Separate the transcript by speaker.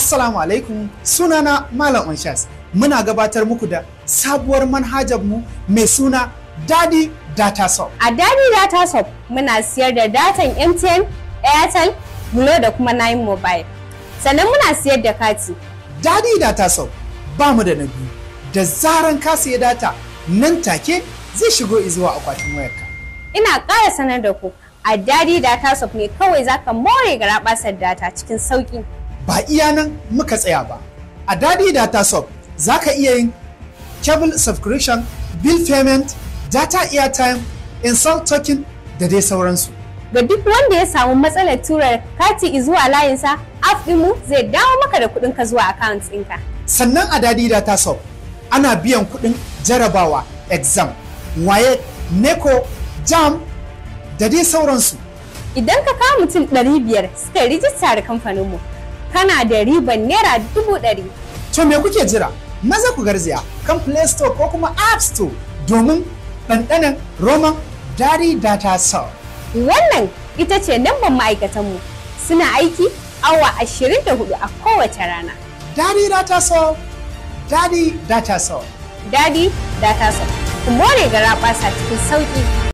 Speaker 1: Assalamu alaikum sunana Malam Onshas muna gabatar muku da sabuwar
Speaker 2: manhajar mu mai suna Daddy Data Shop. A Dadi Data Shop muna siyar da datan MTN, Airtel, Glo da kuma Nine Mobile. Sannan muna siyar da kati.
Speaker 1: Dadi Data Shop ba mu da nabi
Speaker 2: Da zaran ka siya data
Speaker 1: nan take zai shigo izuwa akwatin wayarka.
Speaker 2: Ina ƙara sanar da ku a dadi Data Shop ne kawai zaka more garabasar data cikin sauƙi. ba iya nan
Speaker 1: muka tsaya ba a dadi data sub za ka iya yin cable subscription bill payment data airtime insult token da dai sauransu
Speaker 2: da duk wanda ya samu matsalar tura kati izuwa layinsa app ɗinmu zai dawo maka da kuɗin ka zuwa account ɗinka
Speaker 1: sannan a dadi data sub ana biyan kuɗin
Speaker 2: jarabawa exam waye neko jam da dai sauransu idan ka kawo mutum 500 suka yi rijista da kamfaninmu kana da riban naira dubu ɗari.
Speaker 1: To me kuke jira? Maza ku garziya
Speaker 2: kan Play Store ko kuma App Store domin ɗanɗanan Roman Daddy Data Cell. Wannan ita ce namban ma'aikatanmu suna aiki awa hudu a kowace rana. Daddy Data Cell, Daddy Data Cell. Daddy
Speaker 1: Data Cell. Ku more ga raɓasa cikin sauƙi.